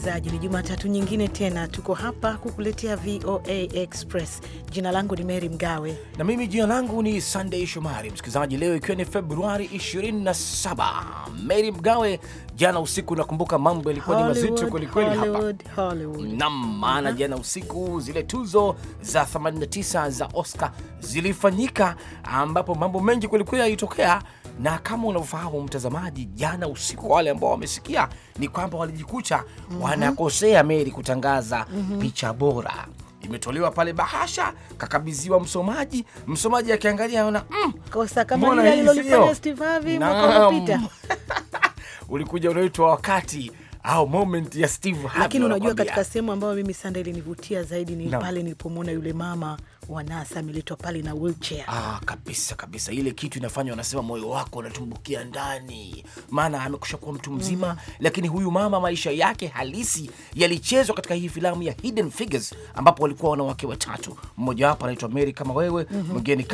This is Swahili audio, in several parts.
msikilizaji, ni Jumatatu nyingine tena tuko hapa kukuletea VOA Express. Jina langu ni Mary Mgawe na mimi jina langu ni Sunday Shomari. Msikilizaji, leo ikiwa ni Februari 27. Mary Mgawe, jana usiku nakumbuka mambo yalikuwa ni mazito kwelikweli hapa nam, maana jana usiku zile tuzo za 89 za Oscar zilifanyika ambapo mambo mengi kwelikweli yalitokea na kama unavyofahamu mtazamaji, jana usiku wale ambao wamesikia ni kwamba walijikuta mm -hmm. wanakosea Meri kutangaza mm -hmm. picha bora imetolewa pale, bahasha kakabidhiwa msomaji, msomaji akiangalia ona mm, kosa kama Steve Harvey mwaka uliopita ulikuja unaitwa wakati au moment ya Steve Harvey. Lakini unajua katika sehemu ambayo mimi sanda ilinivutia zaidi ni no. pale nilipomwona yule mama wanasa ameletwa pale na wheelchair. Ah, kabisa kabisa, ile kitu inafanya wanasema moyo wako unatumbukia ndani, maana amekusha kuwa mtu mzima mm -hmm. Lakini huyu mama maisha yake halisi yalichezwa katika hii filamu ya Hidden Figures, ambapo walikuwa wanawake watatu, mmojawapo anaitwa Mary kama wewe, mhm. mwingine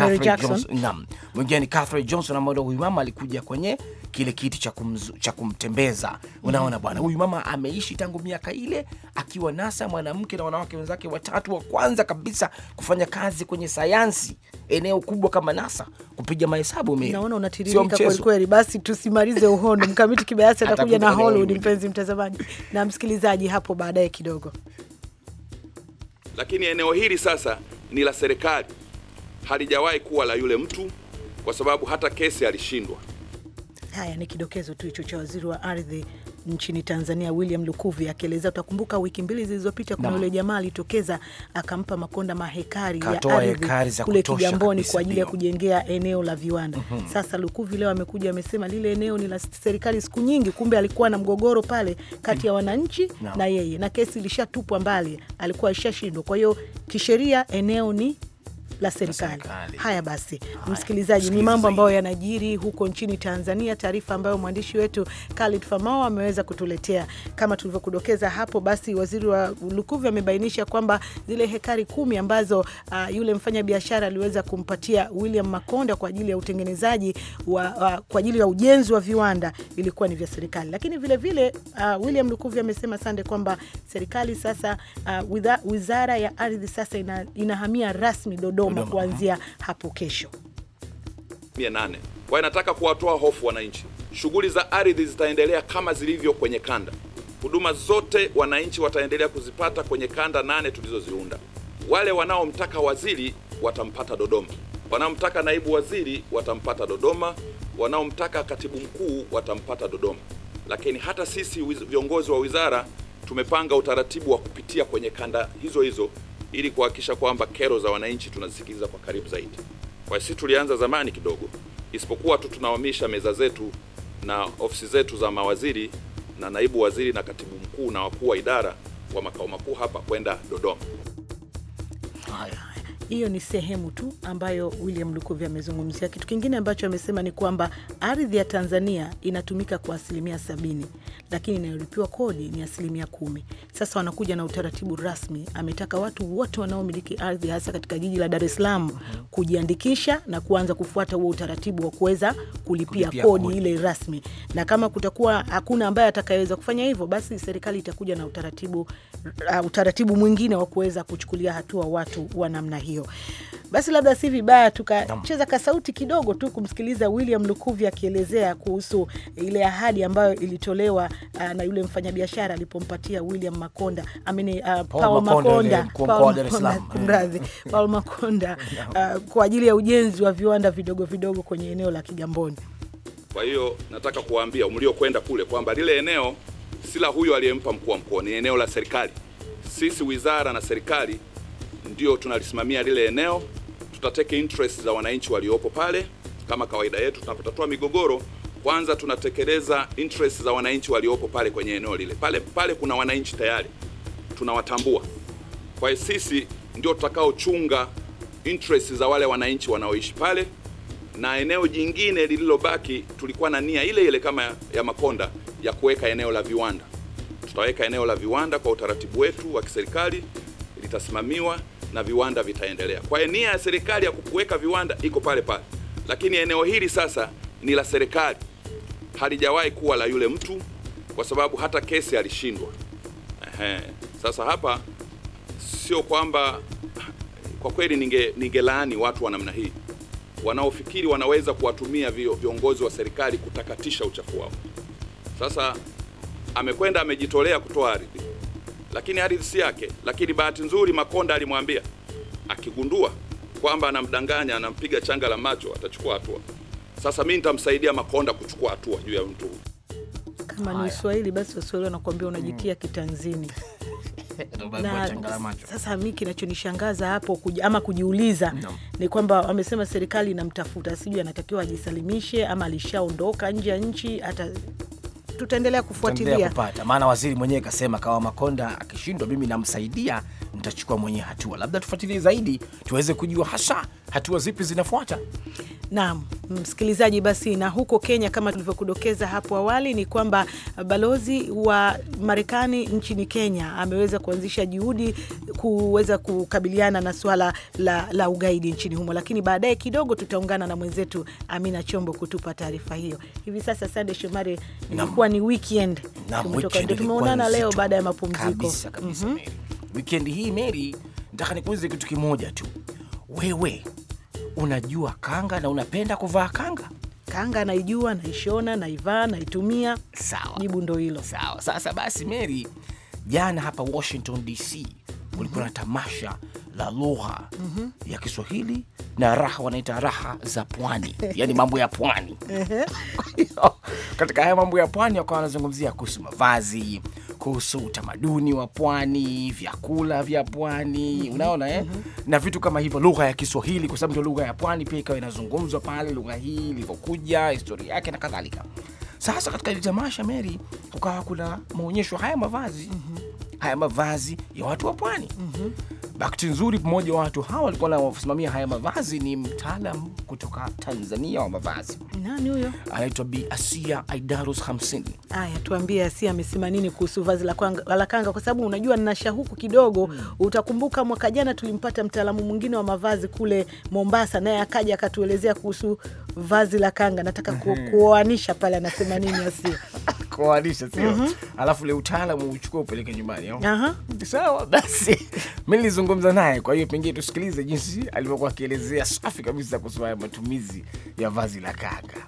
mwingine ni Catherine Johnson, ambaye huyu mama alikuja kwenye kile kiti cha, cha kumtembeza. Unaona bwana, huyu mama ameishi tangu miaka ile akiwa nasa mwanamke na wanawake wenzake watatu wa kwanza kabisa kufanya kazi kazi kwenye sayansi eneo kubwa kama NASA kupiga mahesabu mimi. Naona unatiririka kweli kweli. Basi tusimalize uhondo. Mkamiti Kibayasi atakuja na Hollywood, mpenzi mtazamaji na msikilizaji, hapo baadaye kidogo. Lakini eneo hili sasa ni la serikali, halijawahi kuwa la yule mtu, kwa sababu hata kesi alishindwa. Haya ni kidokezo tu hicho cha waziri wa ardhi nchini Tanzania William Lukuvi akielezea, utakumbuka wiki mbili zilizopita kuna yule jamaa alitokeza akampa Makonda mahekari ya ardhi kule Kigamboni kwa ajili ya kujengea eneo la viwanda. mm -hmm. Sasa Lukuvi leo amekuja amesema lile eneo ni la serikali siku nyingi, kumbe alikuwa na mgogoro pale kati ya wananchi no. na yeye, na kesi ilishatupwa mbali, alikuwa ishashindwa. Kwa hiyo kisheria eneo ni la serikali. Haya basi, msikilizaji, ni mambo ambayo yanajiri huko nchini Tanzania, taarifa ambayo mwandishi wetu Khalid Famao ameweza kutuletea. Kama tulivyokudokeza hapo, basi waziri wa Lukuvi amebainisha kwamba zile hekari kumi ambazo uh, yule biashara aliweza kumpatia William Makonda kwa ajili ya utengenezaji wa, uh, kwa ajili ya ujenzi wa viwanda ilikuwa ni vya serikali, lakini vilevile vile, uh, William Lukuvi amesema sande kwamba serikali sasa, uh, wizara ya ardhi sasa ina, inahamia rasmi Dodoma Dodoma kuanzia hapo kesho mia nane. Kwa inataka kuwatoa hofu wananchi. Shughuli za ardhi zitaendelea kama zilivyo kwenye kanda. Huduma zote wananchi wataendelea kuzipata kwenye kanda nane tulizoziunda. Wale wanaomtaka waziri watampata Dodoma, wanaomtaka naibu waziri watampata Dodoma, wanaomtaka katibu mkuu watampata Dodoma. Lakini hata sisi viongozi wa wizara tumepanga utaratibu wa kupitia kwenye kanda hizo hizo ili kuhakikisha kwamba kero za wananchi tunazisikiliza kwa karibu zaidi. Kwa sisi tulianza zamani kidogo, isipokuwa tu tunahamisha meza zetu na ofisi zetu za mawaziri na naibu waziri na katibu mkuu na wakuu wa idara wa makao makuu hapa kwenda Dodoma. Haya hiyo ni sehemu tu ambayo William Lukuvi amezungumzia. Kitu kingine ambacho amesema ni kwamba ardhi ya Tanzania inatumika kwa asilimia sabini, lakini inayolipiwa kodi ni asilimia kumi. Sasa wanakuja na utaratibu rasmi, ametaka watu wote wanaomiliki ardhi hasa katika jiji la Dar es Salaam mhm. kujiandikisha na kuanza kufuata huo utaratibu wa kuweza kulipia, kulipia kodi, kodi ile rasmi, na kama kutakuwa hakuna ambaye atakayeweza kufanya hivyo, basi serikali itakuja na utaratibu, uh, utaratibu mwingine wa kuweza kuchukulia hatua watu wa namna hiyo hiyo. Basi labda si vibaya tukacheza kasauti kidogo tu kumsikiliza William Lukuvi akielezea kuhusu ile ahadi ambayo ilitolewa uh, na yule mfanyabiashara alipompatia William Makonda amini, uh, ah, Paul Makonda Paul Makonda uh, kwa ajili ya ujenzi wa viwanda vidogo vidogo kwenye eneo la Kigamboni. Kwa hiyo nataka kuwaambia mliokwenda kule kwamba lile eneo si la huyo aliyempa mkuu wa mkoa, ni eneo la serikali. Sisi wizara na serikali ndio tunalisimamia lile eneo, tutateke interest za wananchi waliopo pale. Kama kawaida yetu, tunapotatua migogoro, kwanza tunatekeleza interest za wananchi waliopo pale kwenye eneo lile. Pale pale kuna wananchi tayari tunawatambua, kwa hiyo sisi ndio tutakaochunga interest za wale wananchi wanaoishi pale, na eneo jingine lililobaki tulikuwa na nia ile ile kama ya makonda ya kuweka eneo la viwanda. Tutaweka eneo la viwanda kwa utaratibu wetu wa kiserikali, litasimamiwa na viwanda vitaendelea. Kwa hiyo nia ya serikali ya kuweka viwanda iko pale pale, lakini eneo hili sasa ni la serikali, halijawahi kuwa la yule mtu, kwa sababu hata kesi alishindwa. Ehe, sasa hapa sio kwamba kwa kweli ninge ningelaani watu wa namna hii wanaofikiri wanaweza kuwatumia viongozi wa serikali kutakatisha uchafu wao. Sasa amekwenda amejitolea kutoa ardhi lakini ardhi yake. Lakini bahati nzuri Makonda alimwambia akigundua kwamba anamdanganya, anampiga changa la macho, atachukua hatua. Sasa mimi nitamsaidia Makonda kuchukua hatua juu ya mtu huyu. Kama ni Swahili basi Waswahili wanakuambia unajitia mm, kitanzini na, sasa mi kinachonishangaza hapo kuji, ama kujiuliza no. ni kwamba wamesema serikali inamtafuta, sijui anatakiwa ajisalimishe ama alishaondoka nje ya nchi hata tutaendelea kufuatilia kupata, maana waziri mwenyewe kasema kawa Makonda akishindwa, mimi namsaidia, nitachukua mwenyewe hatua. Labda tufuatilie zaidi tuweze kujua hasa hatua zipi zinafuata. Naam msikilizaji, basi na huko Kenya kama tulivyokudokeza hapo awali ni kwamba balozi wa Marekani nchini Kenya ameweza kuanzisha juhudi kuweza kukabiliana na suala la, la ugaidi nchini humo, lakini baadaye kidogo tutaungana na mwenzetu Amina Chombo kutupa taarifa hiyo. Hivi sasa, Sande Shomari, ilikuwa ni weekend, tumeonana leo baada ya mapumziko kabisa, kabisa, mm -hmm. Weekend hii Mary, nataka nikuulize kitu kimoja tu wewe unajua kanga na unapenda kuvaa kanga? Kanga naijua, naishona, naivaa, naitumia. Sawa, jibu ndo hilo. Sawa. Sasa basi, Mary, jana hapa Washington DC kulikuwa na tamasha la lugha mm -hmm. ya Kiswahili na raha, wanaita raha za pwani, yani mambo ya pwani katika haya mambo ya pwani wakawa wanazungumzia kuhusu mavazi kuhusu utamaduni wa pwani, vyakula vya pwani mm -hmm. Unaona eh? mm -hmm. na vitu kama hivyo, lugha ya Kiswahili kwa sababu ndio lugha ya pwani pia ikawa inazungumzwa pale, lugha hii ilivyokuja, historia yake na kadhalika. Sasa katika ile tamasha Mary, kukawa kuna maonyesho haya mavazi mm -hmm. haya mavazi ya watu wa pwani mm -hmm Bahati nzuri, mmoja wa watu hawa walikuwa nawasimamia haya mavazi ni mtaalam kutoka Tanzania wa mavazi. Nani huyo? Anaitwa Bi Asia Aidarus 50 aya tuambie Asia amesema nini kuhusu vazi la kanga, kwa sababu unajua nina shahuku kidogo. Hmm. Utakumbuka mwaka jana tulimpata mtaalamu mwingine wa mavazi kule Mombasa, naye akaja akatuelezea kuhusu vazi la kanga. Nataka hmm. kuoanisha pale, anasema nini Asia? kuwalisha sio? mm -hmm. Alafu ule utaalamu uchukue upeleke nyumbani au? -huh. Sawa basi. Mimi nilizungumza naye, kwa hiyo pengine tusikilize jinsi alivyokuwa akielezea safi kabisa kuhusu matumizi ya vazi la kanga.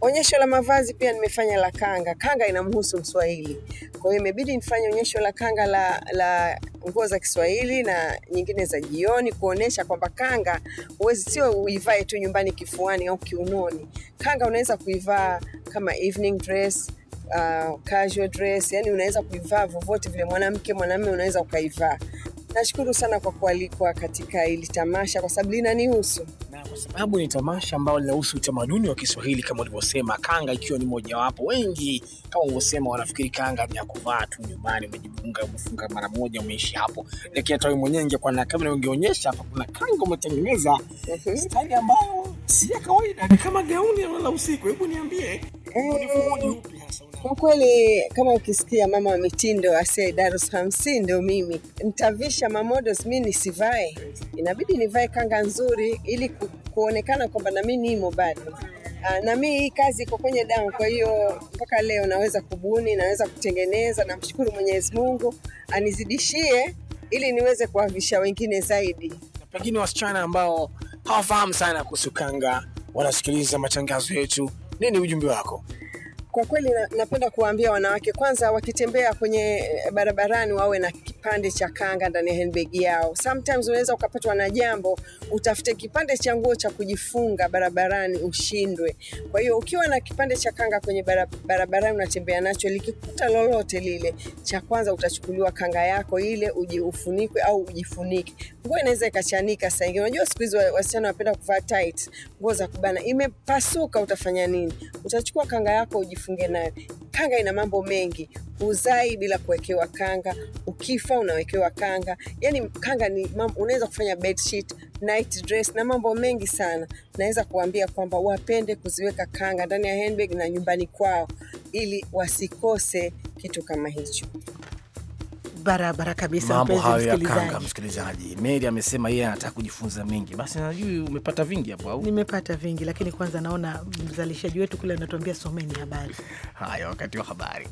Onyesho la mavazi pia nimefanya la kanga. Kanga inamhusu Mswahili, kwa hiyo imebidi nifanye onyesho la kanga la, la nguo za Kiswahili na nyingine za jioni, kuonesha kwamba kanga huwezi, sio uivae tu nyumbani kifuani au kiunoni. Kanga unaweza kuivaa kama evening dress Uh, casual dress, yani unaweza kuivaa vovote vile, mwanamke mwanamume, unaweza ukaivaa. Nashukuru sana kwa kualikwa katika ili tamasha kwa sababu linanihusu kwa sababu ni tamasha ambalo linahusu utamaduni wa Kiswahili kama ulivyosema, kanga ikiwa ni mojawapo. Wengi kama ulivyosema, wanafikiri kanga ni ya kuvaa tu nyumbani, umejifunga umefunga mara moja, umeishi hapo. Lakini hata wewe mwenyewe ingekuwa na kamera, ungeonyesha hapa kuna kanga umetengeneza mhm. style ambayo si ya kawaida, ni kama gauni la usiku. Hebu niambie, eh, kwa kweli kama ukisikia mama wa mitindo asiye Darus hamsini, ndio mimi ntavisha mamodos, mi nisivae, inabidi nivae kanga nzuri ili ku, kuonekana kwamba nami nimo bado ah, na mi hii kazi iko kwenye damu. Kwa hiyo mpaka leo naweza kubuni, naweza kutengeneza. Namshukuru Mwenyezi Mungu anizidishie ili niweze kuwavisha wengine zaidi. Na pengine wasichana ambao hawafahamu sana kuhusu kanga wanasikiliza matangazo yetu, nini ujumbe wako? Kwa kweli na, napenda kuwaambia wanawake kwanza, wakitembea kwenye eh, barabarani wawe na kipande cha kanga ndani ya handbag yao. Sometimes unaweza ukapatwa na jambo, utafute kipande cha nguo cha kujifunga barabarani ushindwe. Kwa hiyo ukiwa na kipande cha kanga kwenye barabarani unatembea nacho, likikuta lolote lile, cha kwanza utachukuliwa kanga yako ile uji au ujifunike. Nguo inaweza ikachanika saa ingine, unajua siku hizi wasichana wanapenda kuvaa tight, nguo za kubana, imepasuka, utafanya nini? Utachukua kanga yako ujifunike jifunge nayo. Kanga ina mambo mengi, uzai bila kuwekewa kanga, ukifa unawekewa kanga. Yani kanga ni unaweza kufanya bedsheet, night dress na mambo mengi sana. Naweza kuambia kwamba wapende kuziweka kanga ndani ya handbag na nyumbani kwao, ili wasikose kitu kama hicho barabara kabisa. Mambo hayo ya kanga, msikilizaji. Mary amesema yeye anataka kujifunza mengi, basi najui umepata vingi hapo au? Nimepata vingi, lakini kwanza naona mzalishaji wetu kule anatuambia someni habari. Haya, wakati wa habari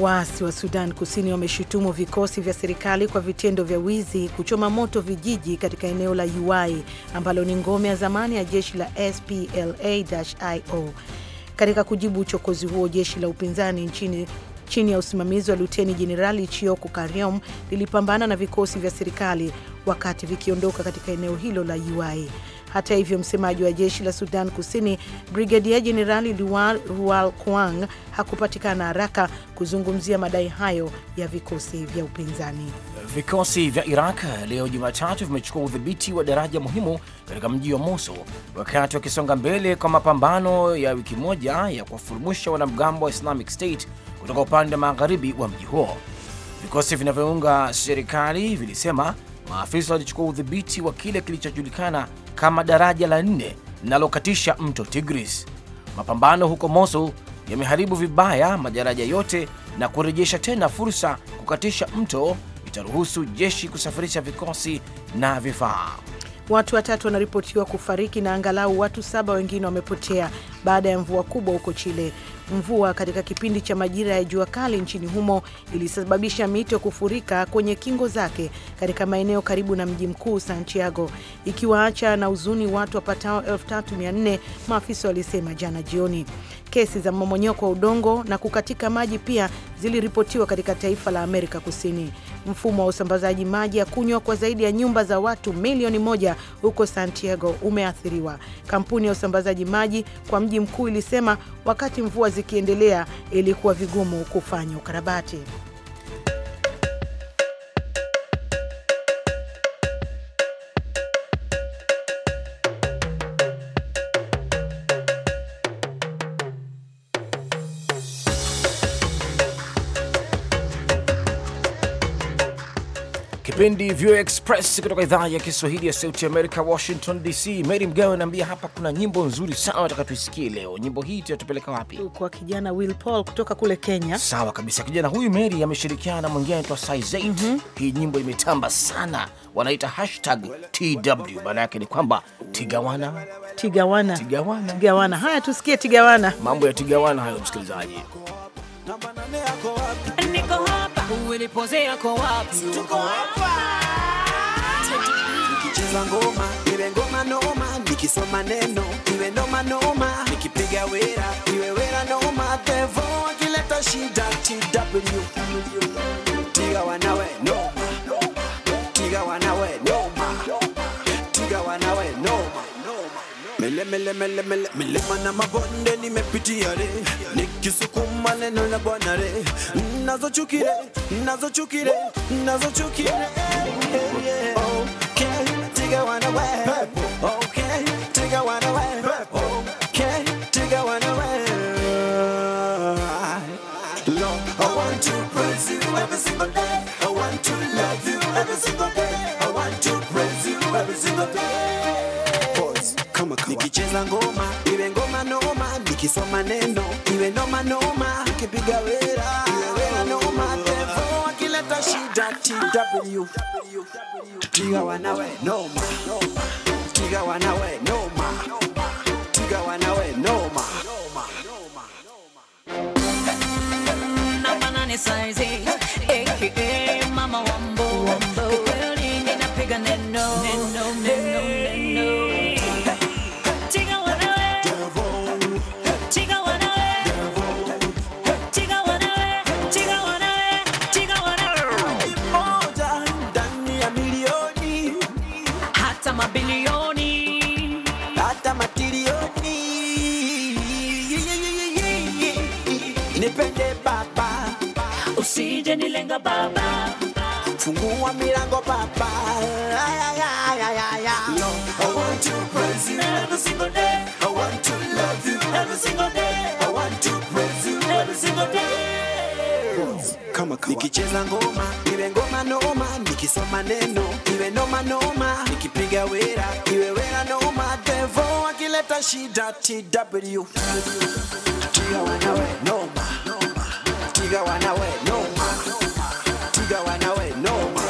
Waasi wa Sudan Kusini wameshutumu vikosi vya serikali kwa vitendo vya wizi, kuchoma moto vijiji katika eneo la Uai ambalo ni ngome ya zamani ya jeshi la SPLA-IO. Katika kujibu uchokozi huo, jeshi la upinzani nchini chini ya usimamizi wa Luteni Jenerali Chioko Kariom lilipambana na vikosi vya serikali wakati vikiondoka katika eneo hilo la Uai. Hata hivyo, msemaji wa jeshi la Sudan Kusini Brigedia Jenerali Luar Rual Kuang hakupatikana haraka kuzungumzia madai hayo ya vikosi vya upinzani. Vikosi vya Iraq leo Jumatatu vimechukua udhibiti wa daraja muhimu katika mji wa Mosul wakati wakisonga mbele kwa mapambano ya wiki moja ya kuwafurumusha wanamgambo wa Islamic State kutoka upande wa magharibi wa mji huo. Vikosi vinavyounga serikali vilisema maafisa walichukua udhibiti wa kile kilichojulikana kama daraja la nne linalokatisha mto Tigris. Mapambano huko Mosul yameharibu vibaya madaraja yote na kurejesha tena fursa kukatisha mto itaruhusu jeshi kusafirisha vikosi na vifaa. Watu watatu wanaripotiwa kufariki na angalau watu saba wengine wamepotea baada ya mvua kubwa huko Chile. Mvua katika kipindi cha majira ya jua kali nchini humo ilisababisha mito kufurika kwenye kingo zake katika maeneo karibu na mji mkuu Santiago, ikiwaacha na huzuni watu wapatao 3400 maafisa walisema jana jioni. Kesi za mmomonyoko wa udongo na kukatika maji pia ziliripotiwa katika taifa la Amerika Kusini. Mfumo wa usambazaji maji ya kunywa kwa zaidi ya nyumba za watu milioni moja huko Santiago umeathiriwa, kampuni ya usambazaji maji kwa mji mkuu ilisema wakati mvua zikiendelea ilikuwa vigumu kufanya ukarabati. vipindi vya Express kutoka idhaa ya Kiswahili ya Sauti ya Amerika, Washington DC. Mary Mgawe anaambia hapa kuna nyimbo nzuri sana nataka tuisikie leo. Nyimbo hii tunatupeleka wapi? Kwa kijana Will Paul kutoka kule Kenya. Sawa kabisa, kijana huyu Mary ameshirikiana na mwingine anaitwa Size8. mm -hmm. Hii nyimbo imetamba sana, wanaita hashtag TW, maana yake ni kwamba tigawana, tigawana, tigawana, tigawana. Haya, tusikie tigawana, mambo ya tigawana hayo, msikilizaji namba 8 uliposea uko wapi? Tuko hapa nikicheza ngoma iwe ngoma noma, nikisoma neno iwe noma noma, nikipiga wera iwe wera noma, Devo akileta mele mele mele mele mana mabonde nimepitia re nikisukuma neno la bwana re okay take one away okay take one away okay take one away Lord I want to praise you every single day I want to love you every single day I want to praise you every single day kama kawa. Nikicheza ngoma iwe ngoma noma, nikisoma neno iwe noma noma, nikipiga wera iwe wera noma. Tembo akileta shida TW tiga wanawe noma, tiga wanawe noma, tiga wanawe noma. Napanane saizi nilenga baba Fungua milango papa ay, ay, ay, ay, ay, ay. No, I want to praise you every single day I want to love you every single day I want to praise you every single day kama kawa. Nikicheza ngoma iwe ngoma noma, nikisoma neno iwe noma noma, nikipiga wera iwe wera noma. Devo akileta shida TW tia wanawe noma, noma. tiga wanawe noma, tiga wanawe noma.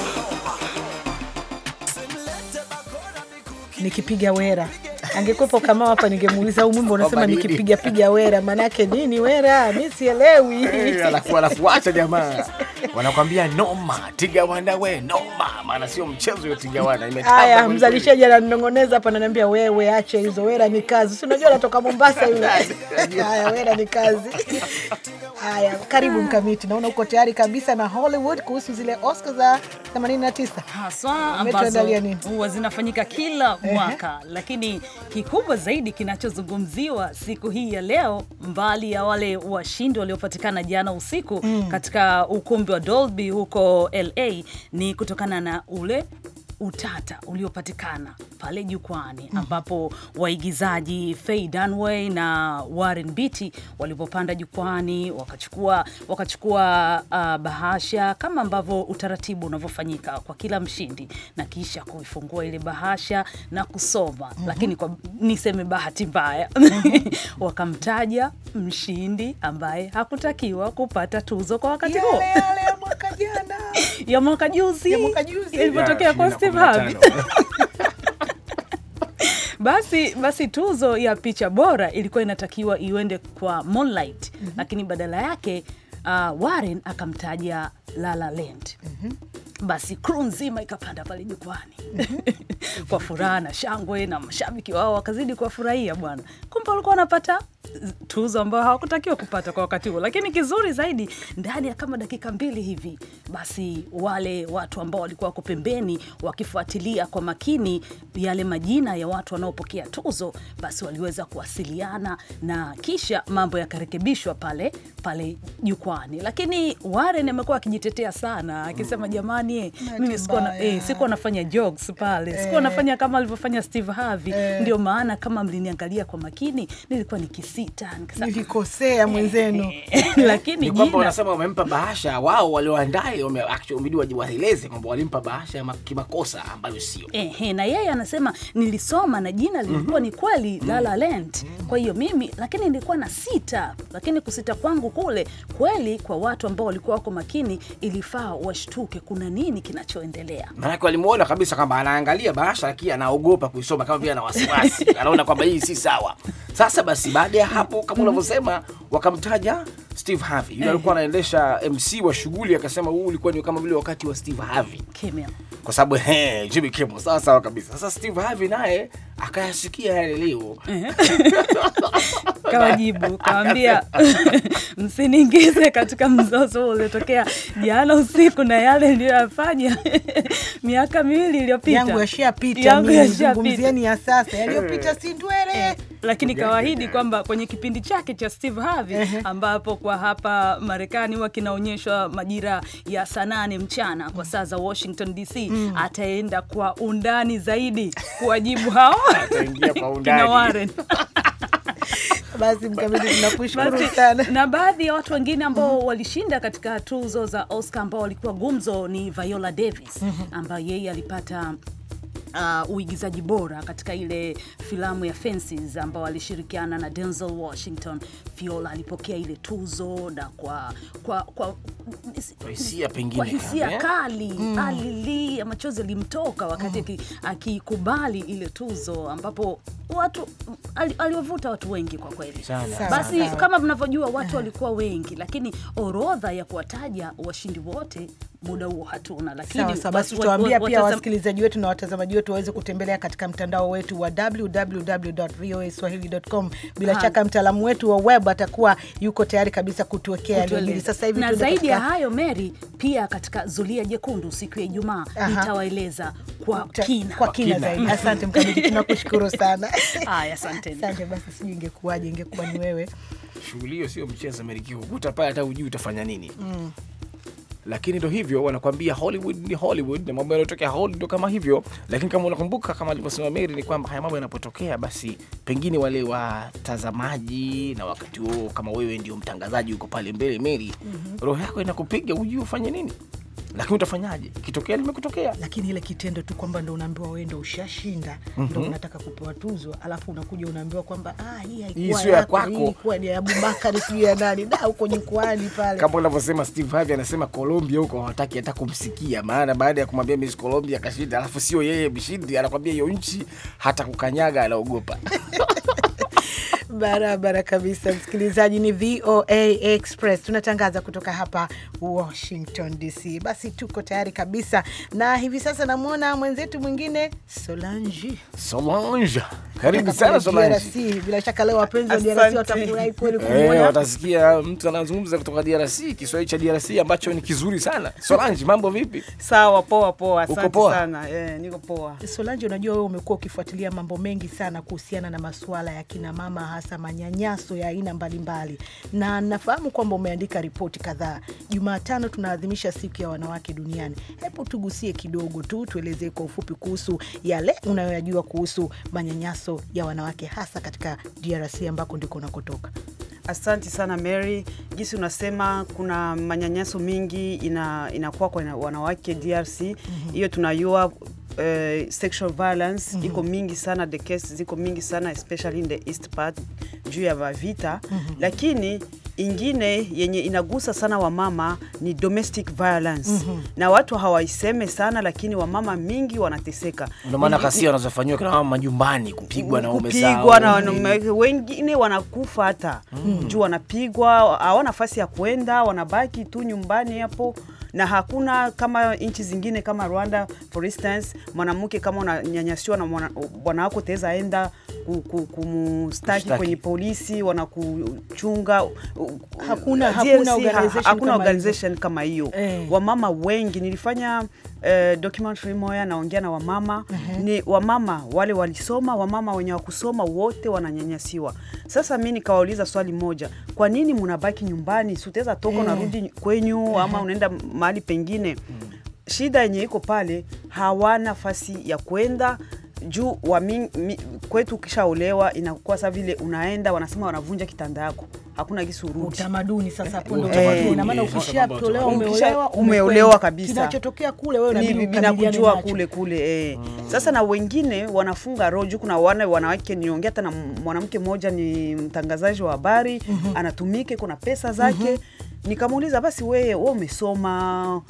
Nikipiga wera angekwepo kama hapa, ningemuuliza au mwimbo unasema nikipiga piga wera, manake nini? Wera mi sielewi. Eh, alafu alafu acha jamaa wanakwambia noma tigawanda we noma, maana sio mchezo yo tigawanda. Haya, mzalishaji ananong'oneza hapa, ananiambia wewe, ache hizo wera ni kazi, si unajua anatoka Mombasa yule. Haya, wera ni kazi. Haya, karibu Mkamiti, naona uko tayari kabisa na Hollywood kuhusu zile Oscar za 89 haswa ambazo huwa zinafanyika kila mwaka, lakini kikubwa zaidi kinachozungumziwa siku hii ya leo, mbali ya wale washindi waliopatikana jana usiku mm. katika ukumbi inaitwa Dolby huko LA ni kutokana na ule utata uliopatikana pale jukwani mm. ambapo waigizaji Faye Dunaway na Warren Beatty walipopanda jukwani wakachukua, wakachukua uh, bahasha kama ambavyo utaratibu unavyofanyika kwa kila mshindi, na kisha kuifungua ile bahasha na kusoma mm -hmm. Lakini kwa niseme bahati mbaya mm -hmm. wakamtaja mshindi ambaye hakutakiwa kupata tuzo kwa wakati huo ya mwaka juzi ilipotokea kwa Steve Harvey basi basi tuzo ya picha bora ilikuwa inatakiwa iwende kwa Moonlight, mm -hmm. lakini badala yake uh, Warren akamtaja La La Land. mm -hmm. Basi kru nzima ikapanda pale jukwani kwa furaha na shangwe, na mashabiki wao wakazidi kuwafurahia bwana. Kumbe walikuwa wanapata tuzo ambayo hawakutakiwa kupata kwa wakati huo, lakini kizuri zaidi, ndani ya kama dakika mbili hivi, basi wale watu ambao walikuwa wako pembeni wakifuatilia kwa makini yale majina ya watu wanaopokea tuzo, basi waliweza kuwasiliana na kisha mambo yakarekebishwa pale pale jukwani. Lakini Warren amekuwa akijitetea sana akisema, mm. jamani mwenyewe. Mimi sikuwa eh, sikuwa nafanya jokes pale eh. Sikuwa nafanya kama alivyofanya Steve Harvey eh. Ndio maana kama mliniangalia kwa makini nilikuwa nikisita, nilikosea mwenzenu eh, eh, eh. lakini jina unasema wamempa bahasha wao walioandae wame actually umidi wajiwaeleze kwamba walimpa bahasha ya kimakosa ambayo sio eh, na yeye anasema nilisoma na jina lilikuwa mm -hmm. ni kweli mm -hmm. La La mhm. Land mm -hmm. Kwa hiyo mimi lakini nilikuwa na sita, lakini kusita kwangu kule kweli kwa watu ambao walikuwa wako makini ilifaa washtuke kuna nini kinachoendelea. Maanake walimuona kabisa kwamba anaangalia bahasha, lakini anaogopa kuisoma, kama vile ana wasiwasi, anaona kwamba hii si sawa. Sasa basi, baada ya hapo, kama unavyosema, wakamtaja Steve Harvey yule eh. alikuwa anaendesha MC wa shughuli, akasema huu ulikuwa ni kama vile wakati wa Steve Harvey Kimmel, kwa sababu eh, Jimmy Kimmel sawa sawa kabisa. Sasa Steve Harvey naye akayasikia yale leo eh. Kama jibu, kaambia msiniingize katika mzozo huo uliotokea jana usiku na yale niliyoyafanya miaka miwili iliyopita. Yangu yashapita, yangu yashapita, ya sasa eh. yaliyopita si ndwele lakini kawaahidi kwamba kwenye kipindi chake cha Steve Harvey ambapo kwa hapa Marekani huwa kinaonyeshwa majira ya saa nane mchana kwa saa za Washington DC mm. ataenda kwa undani zaidi kuwajibu hao kina Warren Basi mkamili, tunakushukuru sana. Na baadhi ya watu wengine ambao mm-hmm. walishinda katika tuzo za Oscar ambao walikuwa gumzo ni Viola Davis mm-hmm. ambayo yeye alipata uh, uigizaji bora katika ile filamu ya Fences ambao alishirikiana na Denzel Washington. Fiola alipokea ile tuzo na kwa, kwa, kwa, hisia pengine hisia kali mm. Alilia, machozi alimtoka wakati mm. akikubali ile tuzo ambapo watu aliwavuta watu wengi kwa kweli. Basi sana. Kama mnavyojua watu eh. walikuwa wengi, lakini orodha ya kuwataja washindi wote muda huo hatuna, lakini basi tutawaambia pia wasikilizaji wetu na watazamaji wetu waweze kutembelea katika mtandao wetu wa www.voaswahili.com. Bila shaka mtaalamu wetu wa web atakuwa yuko tayari kabisa kutuwekea sasa hivi ya hayo Mary, pia katika zulia jekundu siku ya Ijumaa nitawaeleza kwa kina, kwa kina zaidi. Asante Mkamiti, tunakushukuru sana. Haya, asante. Asante basi, sijui ingekuwaje ingekuwa ni wewe. Shughuli hiyo sio mchezo Mary, ukiukuta pale hata ujui utafanya nini. mm lakini ndo hivyo wanakuambia Hollywood ni Hollywood na mambo yanayotokea Hollywood ndo kama hivyo. Lakini kama unakumbuka, kama alivyosema Mary, ni kwamba haya mambo yanapotokea, basi pengine wale watazamaji na wakati huo, kama wewe ndio mtangazaji uko pale mbele Mary, mm -hmm. roho yako inakupiga hujui ufanye nini lakini utafanyaje? Kitokea limekutokea, lakini ile kitendo tu kwamba ndo unaambiwa wewe ndo ushashinda, mm -hmm. ndo unataka kupewa tuzo, alafu unakuja unaambiwa kwamba ah, hii haikuwa ya kwako, hii ni ya Abubakar, sio ya nani, da huko jukwani pale, kama unavyosema Steve Harvey anasema Colombia huko hawataki hata kumsikia, maana baada ya kumwambia Miss Colombia akashinda alafu sio yeye mshindi, anakwambia hiyo nchi hata kukanyaga anaogopa Barabara kabisa, msikilizaji. Ni VOA Express, tunatangaza kutoka hapa Washington DC. Basi tuko tayari kabisa, na hivi sasa namwona mwenzetu mwingine Solange. Solange, karibu sana Solange. Bila shaka leo wapenzi wa DRC watafurahi kweli kumuona, eh, watasikia mtu anazungumza kutoka DRC, Kiswahili cha DRC ambacho ni kizuri sana. Solange, mambo vipi? Sawa, poa poa, asante sana. Eh, niko poa. Solange, unajua wewe umekuwa ukifuatilia mambo mengi sana kuhusiana na masuala ya kina mama hasa manyanyaso ya aina mbalimbali, na nafahamu kwamba umeandika ripoti kadhaa. Jumatano tunaadhimisha siku ya wanawake duniani. Hebu tugusie kidogo tu, tuelezee kwa ufupi kuhusu yale unayoyajua kuhusu manyanyaso ya wanawake hasa katika DRC ambako ndiko unakotoka. Asante sana Mary, jinsi unasema kuna manyanyaso mingi inakuwa ina kwa wanawake DRC mhm. hiyo, mm -hmm. tunayua uh, sexual violence mm -hmm. iko mingi sana, the case ziko mingi sana especially in the east part juu ya mavita mm -hmm. lakini ingine yenye inagusa sana wamama ni domestic violence mm -hmm. na watu hawaiseme sana, lakini wamama mingi wanateseka. Ndio maana kasi wanazofanyiwa kina mama nyumbani, kupigwa na waume zao, kupigwa na wanaume mhm. wengine, wanakufa hata mm -hmm. juu wanapigwa, hawana nafasi ya kwenda, wanabaki tu nyumbani hapo na hakuna kama nchi zingine kama Rwanda for instance, mwanamke kama unanyanyasiwa na bwana wako utaweza enda kumstaki kwenye polisi, wanakuchunga. Hakuna, uh, hakuna organization kama hiyo eh. Wamama wengi nilifanya eh, documentary moja anaongea na wamama uh -huh. Ni wamama wale walisoma, wamama wenye wakusoma wote wananyanyasiwa. Sasa mi nikawauliza swali moja, kwa nini munabaki nyumbani? Si utaweza toka eh. unarudi eh, kwenyu ama unaenda mahali pengine. Mm. Shida yenye iko pale, hawana fasi ya kwenda juu wa mi, mi, kwetu ukishaolewa inakuwa saa vile unaenda, wanasema wanavunja kitanda yako hakuna gisi Utamaduni sasa hapo eh, ndo eh, utamaduni, eh, ukishatolewa umeolewa, umeolewa kabisa, kinachotokea kule wewe kule kule eh. Mm. Sasa na wengine wanafunga roho juu, kuna wana wanawake, niongea hata na mwanamke mmoja, ni mtangazaji wa habari mm -hmm. anatumike, kuna pesa zake mm -hmm Nikamuuliza, basi wewe wewe umesoma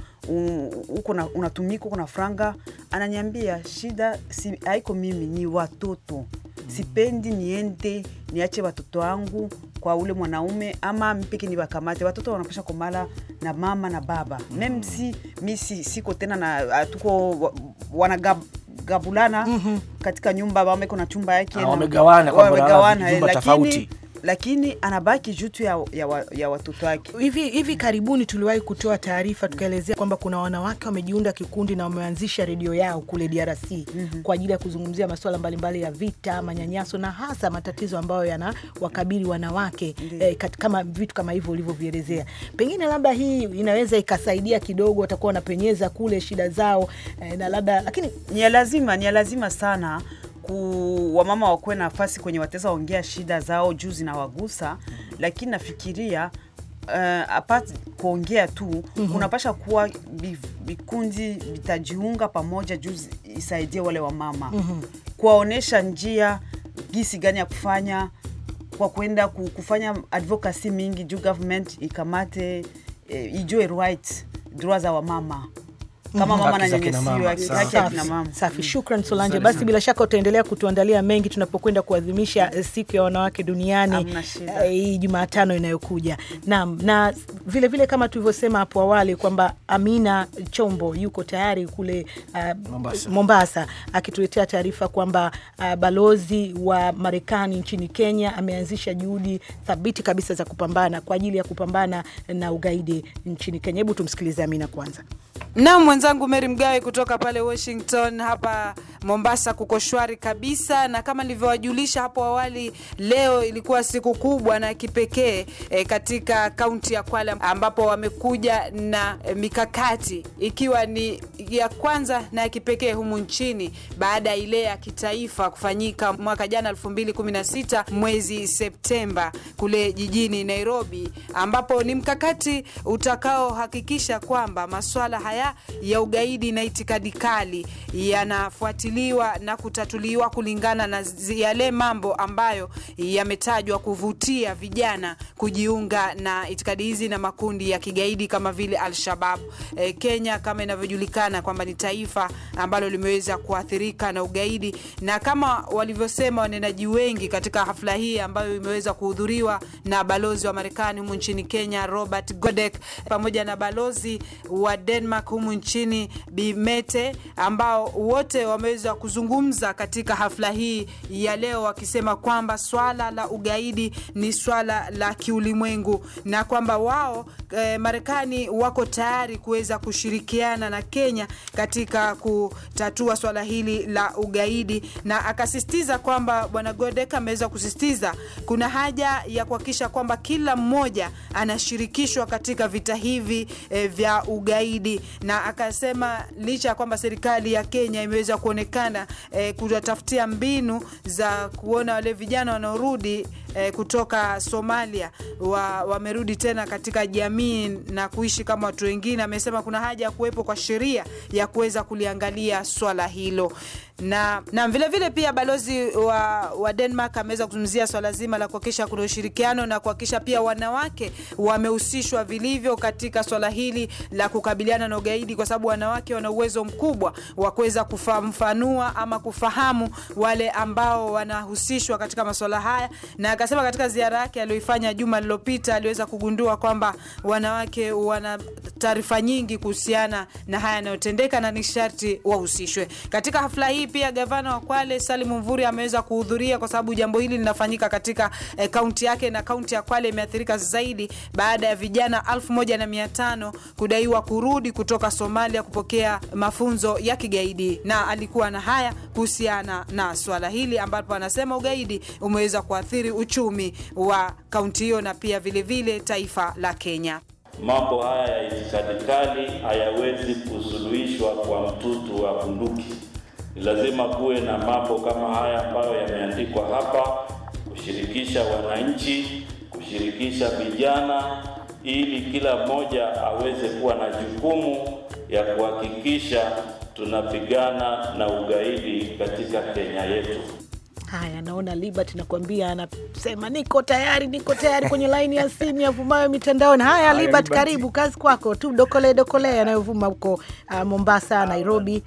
uko na unatumika uko na franga? Ananiambia shida si haiko mimi, ni watoto. Sipendi niende niache watoto wangu kwa ule mwanaume ama mpeke ni wakamate watoto wanapasha komala na mama na baba mm. si mi siko tena na ah, tuko wanagabulana gabulana mm -hmm. Katika nyumba wameko na chumba yake ah, wamegawana, eh, lakini lakini anabaki jutu ya, ya, ya watoto wake. Hivi hivi karibuni tuliwahi kutoa taarifa tukaelezea kwamba kuna wanawake wamejiunda kikundi na wameanzisha redio yao kule DRC mm -hmm. kwa ajili ya kuzungumzia masuala mbalimbali ya vita, manyanyaso na hasa matatizo ambayo yanawakabili wanawake eh, kama vitu kama hivyo ulivyovielezea. Pengine labda hii inaweza ikasaidia kidogo, watakuwa wanapenyeza kule shida zao eh, na labda lakini ni lazima ni lazima sana ku, wamama wakuwe nafasi kwenye wateza ongea shida zao juu zinawagusa, lakini nafikiria Uh, apart kuongea tu mm -hmm. Unapasha kuwa vikundi vitajiunga pamoja juu isaidie wale wamama mm -hmm. Kuwaonesha njia gisi gani ya kufanya kwa kuenda kufanya advocacy mingi juu government ikamate eh, ijue right droit za wamama Mm-hmm. kama mama na ananyanyasiwa, haki ya kina mama. Safi, mm-hmm. shukran Solange. Basi bila shaka utaendelea kutuandalia mengi tunapokwenda kuadhimisha eh, siku ya wanawake duniani eh, hii Jumatano inayokuja. Naam, na vile vile kama tulivyosema hapo awali kwamba Amina Chombo yuko tayari kule uh, Mombasa, Mombasa akituletea taarifa kwamba uh, balozi wa Marekani nchini Kenya ameanzisha juhudi thabiti kabisa za kupambana kwa ajili ya kupambana na ugaidi nchini Kenya. Hebu tumsikilize Amina kwanza na mwenzangu Mary Mgawe kutoka pale Washington hapa Mombasa kuko shwari kabisa, na kama nilivyowajulisha hapo awali, leo ilikuwa siku kubwa na kipekee e, katika kaunti ya Kwale ambapo wamekuja na mikakati ikiwa ni ya kwanza na ya kipekee humu nchini baada ya ile ya kitaifa kufanyika mwaka jana 2016 mwezi Septemba kule jijini Nairobi, ambapo ni mkakati utakaohakikisha kwamba masuala haya ya ugaidi na itikadi kali yanafuatiliwa kujadiliwa na kutatuliwa kulingana na yale mambo ambayo yametajwa kuvutia vijana kujiunga na itikadi hizi na makundi ya kigaidi kama vile Al-Shabab. E, Kenya kama inavyojulikana kwamba ni taifa ambalo limeweza kuathirika na ugaidi, na kama walivyosema wanenaji wengi katika hafla hii ambayo imeweza kuhudhuriwa na balozi wa Marekani humu nchini Kenya Robert Godek pamoja na balozi wa Denmark humu nchini Bimete ambao wote wameweza wameweza kuzungumza katika hafla hii ya leo, wakisema kwamba swala la ugaidi ni swala la kiulimwengu na kwamba wao eh, Marekani wako tayari kuweza kushirikiana na Kenya katika kutatua swala hili la ugaidi, na akasisitiza kwamba bwana Godeka ameweza kusisitiza kuna haja ya kuhakikisha kwamba kila mmoja anashirikishwa katika vita hivi eh, vya ugaidi, na akasema licha ya kwamba serikali ya Kenya imeweza kuonekana inawezekana eh, kutafutia mbinu za kuona wale vijana wanaorudi eh, kutoka Somalia wa, wamerudi tena katika jamii na kuishi kama watu wengine. Amesema kuna haja ya kuwepo kwa sheria ya kuweza kuliangalia swala hilo na na vile vile pia balozi wa, wa Denmark ameweza kuzungumzia swala zima la kuhakikisha kuna ushirikiano na kuhakikisha pia wanawake wamehusishwa vilivyo katika swala hili la kukabiliana na ugaidi, kwa sababu wanawake wana uwezo mkubwa wa kuweza kufafanua ama kufahamu wale ambao wanahusishwa katika masuala haya. Na akasema katika ziara yake aliyoifanya juma lililopita aliweza kugundua kwamba wanawake wana taarifa nyingi kuhusiana na haya yanayotendeka na ni sharti wahusishwe katika hafla hii hii pia gavana wa Kwale Salim Mvuri ameweza kuhudhuria kwa sababu jambo hili linafanyika katika eh, kaunti yake na kaunti ya Kwale imeathirika zaidi baada ya vijana 1500 kudaiwa kurudi kutoka Somalia kupokea mafunzo ya kigaidi, na alikuwa na haya kuhusiana na swala hili ambapo anasema ugaidi umeweza kuathiri uchumi wa kaunti hiyo na pia vilevile vile taifa la Kenya. Mambo haya ya itikadi kali hayawezi kusuluhishwa kwa mtutu wa bunduki. Ni lazima kuwe na mambo kama haya ambayo yameandikwa hapa, kushirikisha wananchi, kushirikisha vijana, ili kila mmoja aweze kuwa na jukumu ya kuhakikisha tunapigana na ugaidi katika Kenya yetu. Haya, naona Libert nakwambia, anasema niko tayari, niko tayari kwenye laini ya simu yavumayo mitandaoni. Haya, Libert, karibu, kazi kwako tu, dokole dokole yanayovuma huko uh, Mombasa, ah, Nairobi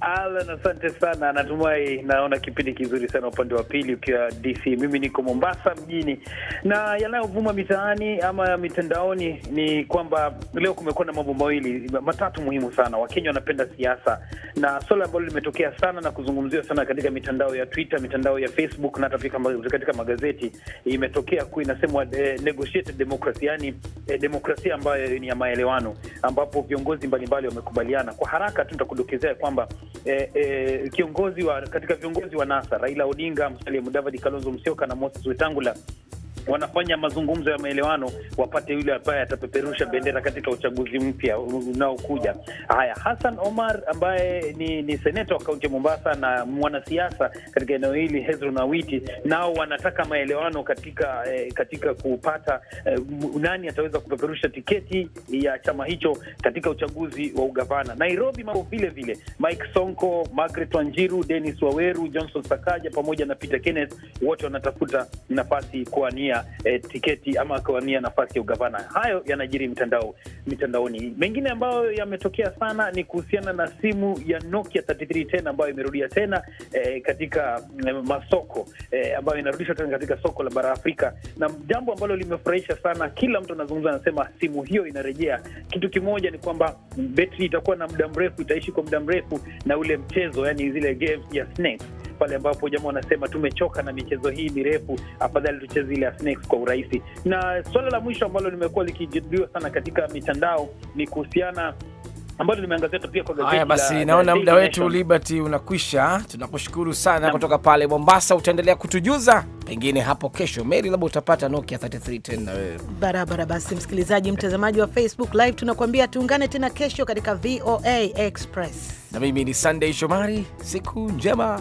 Alan, asante sana. Natumai naona kipindi kizuri sana upande wa pili ukiwa DC. Mimi niko Mombasa mjini, na yanayovuma mitaani ama mitandaoni ni kwamba leo kumekuwa na mambo mawili matatu muhimu sana. Wakenya wanapenda siasa, na swala ambalo limetokea sana na kuzungumziwa sana katika mitandao ya Twitter, mitandao ya Facebook na hata katika magazeti, imetokea ku inasemwa eh, negotiated democracy, yani eh, demokrasia ambayo ni ya maelewano, ambapo viongozi mbalimbali wamekubaliana kwa haraka tu. Nitakudokezea kwamba eh, eh, kiongozi wa katika viongozi wa NASA Raila Odinga, Musalia Mudavadi, Kalonzo Musyoka na Moses Wetangula wanafanya mazungumzo ya maelewano, wapate yule ambaye atapeperusha bendera katika uchaguzi mpya unaokuja. Haya, Hassan Omar ambaye ni, ni seneta wa kaunti ya Mombasa na mwanasiasa katika eneo hili Hezron Awiti, nao wanataka maelewano katika eh, katika kupata eh, nani ataweza kupeperusha tiketi ya chama hicho katika uchaguzi wa ugavana. Nairobi mambo vile vile, Mike Sonko, Margaret Wanjiru, Dennis Waweru, Johnson Sakaja pamoja na Peter Kenneth, wote wanatafuta nafasi kuania eh, tiketi ama akawania nafasi ya ugavana. Hayo yanajiri mitandao mitandaoni. Mengine ambayo yametokea sana ni kuhusiana na simu ya Nokia 3310 ambayo imerudia tena eh, katika eh, masoko eh, ambayo inarudishwa tena katika soko la bara Afrika, na jambo ambalo limefurahisha sana, kila mtu anazungumza, anasema simu hiyo inarejea. Kitu kimoja ni kwamba betri itakuwa na muda mrefu, itaishi kwa muda mrefu, na ule mchezo, yani zile games ya snakes pale ambapo jamaa wanasema tumechoka na michezo hii mirefu, afadhali tucheze ile ya snakes kwa urahisi. Na swala la mwisho ambalo limekuwa likijadiliwa sana katika mitandao ni kuhusiana ambalo limeangazia pia kwa gazeti. Haya basi, naona muda wetu Liberty unakwisha. Tunakushukuru sana na kutoka pale Mombasa. Utaendelea kutujuza pengine hapo kesho, Mary, labda utapata Nokia 33 tena wewe barabara. Basi msikilizaji, mtazamaji wa Facebook Live, tunakuambia tuungane tena kesho katika VOA Express, na mimi ni Sunday Shomari. Siku njema.